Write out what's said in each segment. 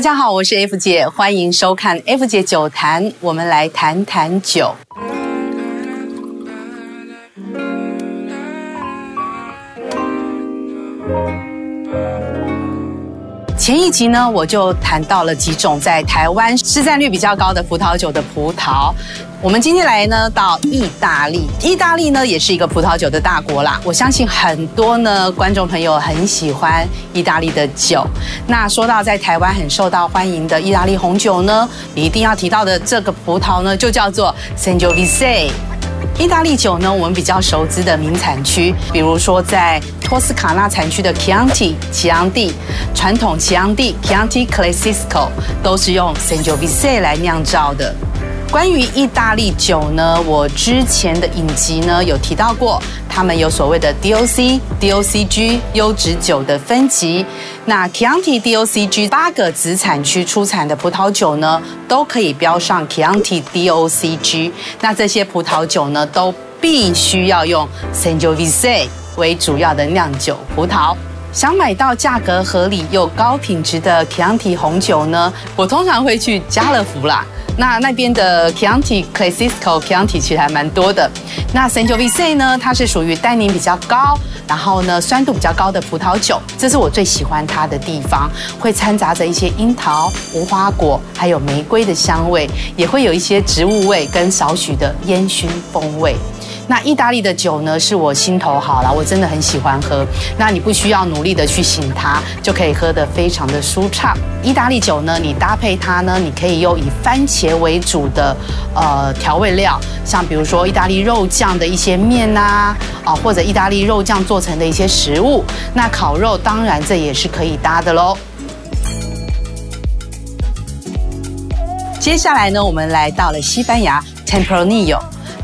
大家好，我是 F 姐，歡迎收看 F 姐酒談。我們來談談酒。前一集呢，我就談到了幾種在台灣市占率比較高的葡萄酒的葡萄。我們今天來呢，到意大利。意大利呢，也是一個葡萄酒的大國啦。我相信很多呢觀眾朋友很喜歡意大利的酒。那說到在台灣很受到歡迎的意大利紅酒呢，你一定要提到的這個葡萄呢，就叫做 Sangiovese。意大利酒呢，我們比較熟知的名產區，比如說在托斯卡納產區的 Chianti, Chianti（ 齊昂地、傳統旗昂地、Chianti Classico） 都是用 Sangiovese 來釀造的。關於意大利酒呢，我之前的影集呢有提到過，他們有所謂的 DOC、DOCG 優質酒的分級。那 Chianti DOCG 八個子產區出產的葡萄酒呢，都可以標上 Chianti DOCG。那這些葡萄酒呢，都必須要用 Sangiovese 為主要的釀酒葡萄。想買到價格合理又高品質的 Chianti 紅酒呢，我通常會去家樂福啦。那那邊的 Chianti、Classico、Chianti 其實還蠻多的。那聖喬維塞呢，它是屬於單寧比較高，然後呢酸度比較高的葡萄酒，這是我最喜歡它的地方。會摻雜着一些櫻桃、無花果，還有玫瑰的香味，也會有一些植物味跟少許的煙熏風味。那意大利的酒呢，是我心頭好啦，我真的很喜歡喝。那你不需要努力的去醒它，就可以喝得非常的舒暢。意大利酒呢，你搭配它呢，你可以用以番茄為主的呃調味料，像比如說意大利肉醬的一些麵啊，啊或者意大利肉醬做成的一些食物。那烤肉當然這也是可以搭的嘍。接下來呢，我們來到了西班牙 Tempranillo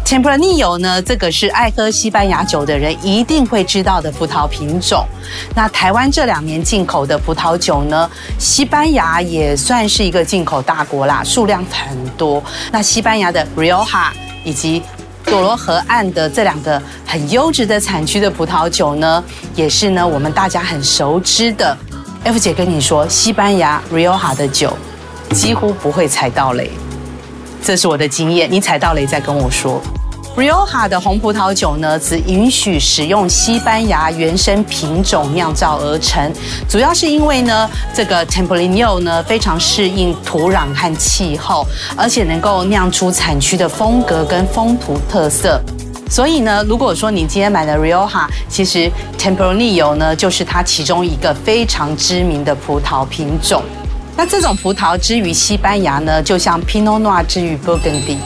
Tempranillo 呢，這個是愛喝西班牙酒的人一定會知道的葡萄品種。那台灣這兩年進口的葡萄酒呢，西班牙也算是一個進口大國啦，數量很多。那西班牙的 Rioja 以及杜羅河岸的這兩個很優質的產區的葡萄酒呢，也是呢我們大家很熟知的。F 姐跟你說，西班牙 Rioja 的酒幾乎不會踩到雷，這是我的經驗。你踩到雷再跟我說。Rioja 的紅葡萄酒呢，只允許使用西班牙原生品種釀造而成，主要是因為呢，這個 Tempranillo 呢非常適應土壤和氣候，而且能夠釀出產區的風格跟風土特色。所以呢，如果說你今天買了 Rioja，其實 Tempranillo 呢就是它其中一個非常知名的葡萄品種。那這種葡萄之於西班牙呢，就像 Pinot Noir 之於勃艮第。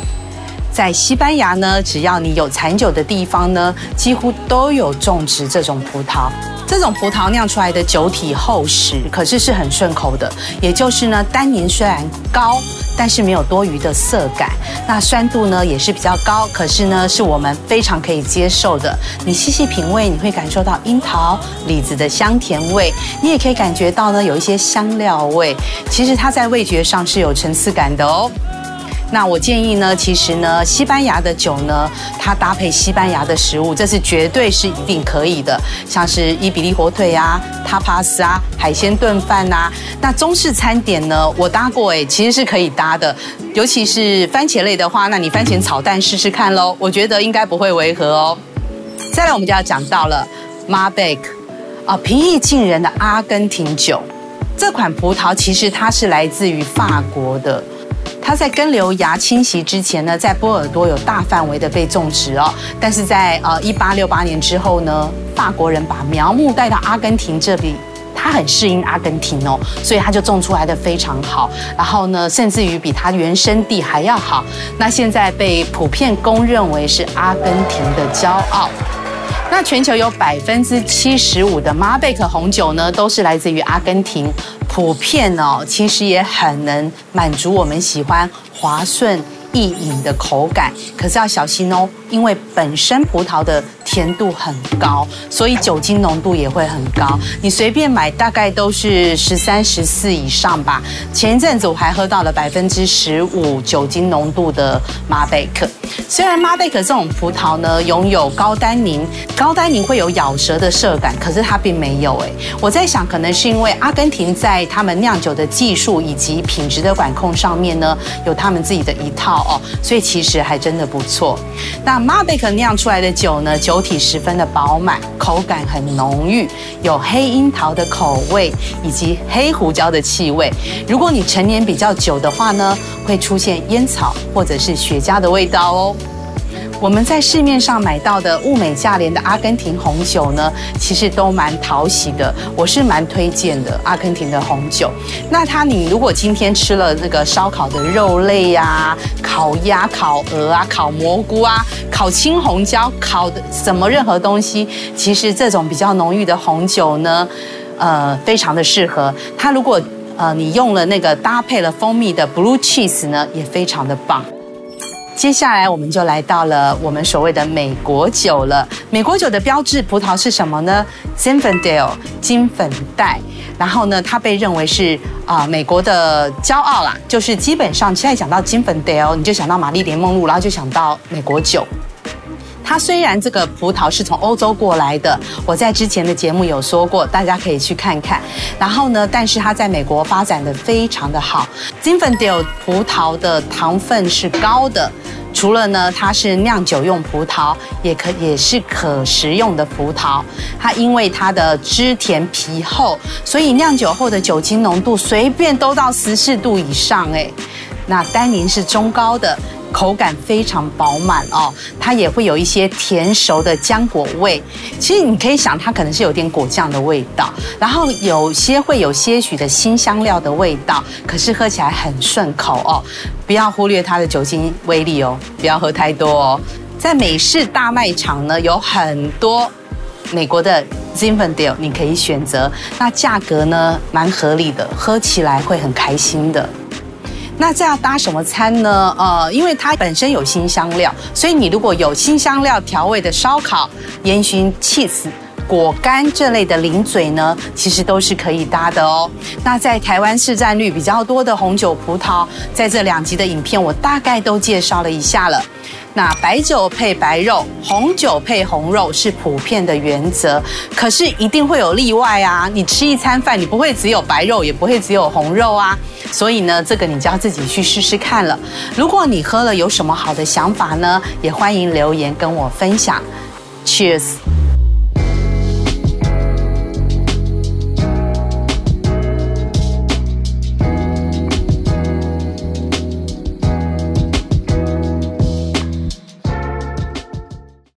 在西班牙呢，只要你有產酒的地方呢，幾乎都有種植這種葡萄。這種葡萄釀出來的酒體厚實，可是是很順口的。也就是呢單寧雖然高，但是沒有多餘的澀感。那酸度呢也是比較高，可是呢是我們非常可以接受的。你細細品味，你會感受到櫻桃、李子的香甜味，你也可以感覺到呢有一些香料味。其實它在味覺上是有層次感的哦。那我建議呢，其實呢，西班牙的酒呢，它搭配西班牙的食物，這是絕對是一定可以的，像是伊比利火腿啊、塔帕斯啊、海鮮燉飯啊。那中式餐點呢，我搭過誒，其實是可以搭的，尤其是番茄類的話，那你番茄炒蛋試試看嘍，我覺得應該不會違和哦。再來，我們就要講到了 Malbec 啊，平易近人的阿根廷酒，這款葡萄其實它是來自於法國的。它在根瘤蚜侵襲之前呢，在波爾多有大範圍的被種植哦，但是在呃一八六八年之後呢，法國人把苗木帶到阿根廷這裡，它很適應阿根廷哦，所以它就種出來的非常好，然後呢，甚至於比它原生地還要好，那現在被普遍公認為是阿根廷的驕傲。那全球有百分之七十五的馬貝克紅酒呢，都是來自於阿根廷，普遍哦，其實也很能滿足我們喜歡滑順易飲的口感，可是要小心哦。因為本身葡萄的甜度很高，所以酒精濃度也會很高。你隨便買大概都是十三、十四以上吧。前一陣子我還喝到了百分之十五酒精濃度的馬貝克。雖然馬貝克這種葡萄呢，擁有高單寧，高單寧會有咬舌的澀感，可是它並沒有哎。我在想，可能是因為阿根廷在他們釀酒的技術以及品質的管控上面呢，有他們自己的一套哦，所以其實還真的不錯。那啊、馬貝克釀出來的酒呢，酒體十分的飽滿，口感很濃郁，有黑櫻桃的口味以及黑胡椒的氣味。如果你陳年比較久的話呢，會出現菸草或者是雪茄的味道哦。我們在市面上買到的物美價廉的阿根廷紅酒呢，其實都蠻討喜的，我是蠻推薦的阿根廷的紅酒。那它，你如果今天吃了那個燒烤的肉類啊，烤鴨、烤鵝啊，烤蘑菇啊，烤青紅椒、烤的什麼任何東西，其實這種比較濃郁的紅酒呢，呃，非常的適合。它如果呃你用了那個搭配了蜂蜜的 blue cheese 呢，也非常的棒。接下來我們就來到了我們所謂的美國酒了。美國酒的標誌葡萄是什麼呢？Zinfandel，金粉黛。然後呢，它被認為是啊，呃，美國的驕傲啦。就是基本上現在講到金粉黛，你就想到瑪麗蓮夢露，然後就想到美國酒。它雖然這個葡萄是從歐洲過來的，我在之前的節目有說過，大家可以去看看。然後呢，但是它在美國發展得非常的好。Zinfandel 葡萄的糖分是高的，除了呢，它是釀酒用葡萄，也可也是可食用的葡萄。它因為它的汁甜皮厚，所以釀酒後的酒精濃度隨便都到十四度以上。哎，那單寧是中高的。口感非常飽滿哦，它也會有一些甜熟的漿果味。其實你可以想，它可能是有點果醬的味道，然後有些會有些許的辛香料的味道，可是喝起來很順口哦。不要忽略它的酒精威力哦，不要喝太多哦。在美式大賣場呢，有很多美國的 Zinfandel，你可以選擇。那價格呢，蠻合理的，喝起來會很開心的。那這要搭什麼餐呢？呃，因為它本身有辛香料，所以你如果有辛香料調味的燒烤、煙燻、cheese、果乾這類的零嘴呢，其實都是可以搭的哦。那在台灣市占率比較多的紅酒葡萄，在這兩集的影片我大概都介紹了一下了。那白酒配白肉，紅酒配紅肉是普遍的原則，可是一定會有例外啊！你吃一餐飯，你不會只有白肉，也不會只有紅肉啊！所以呢，這個你就要自己去試試看了。如果你喝了有什麼好的想法呢，也歡迎留言跟我分享。Cheers。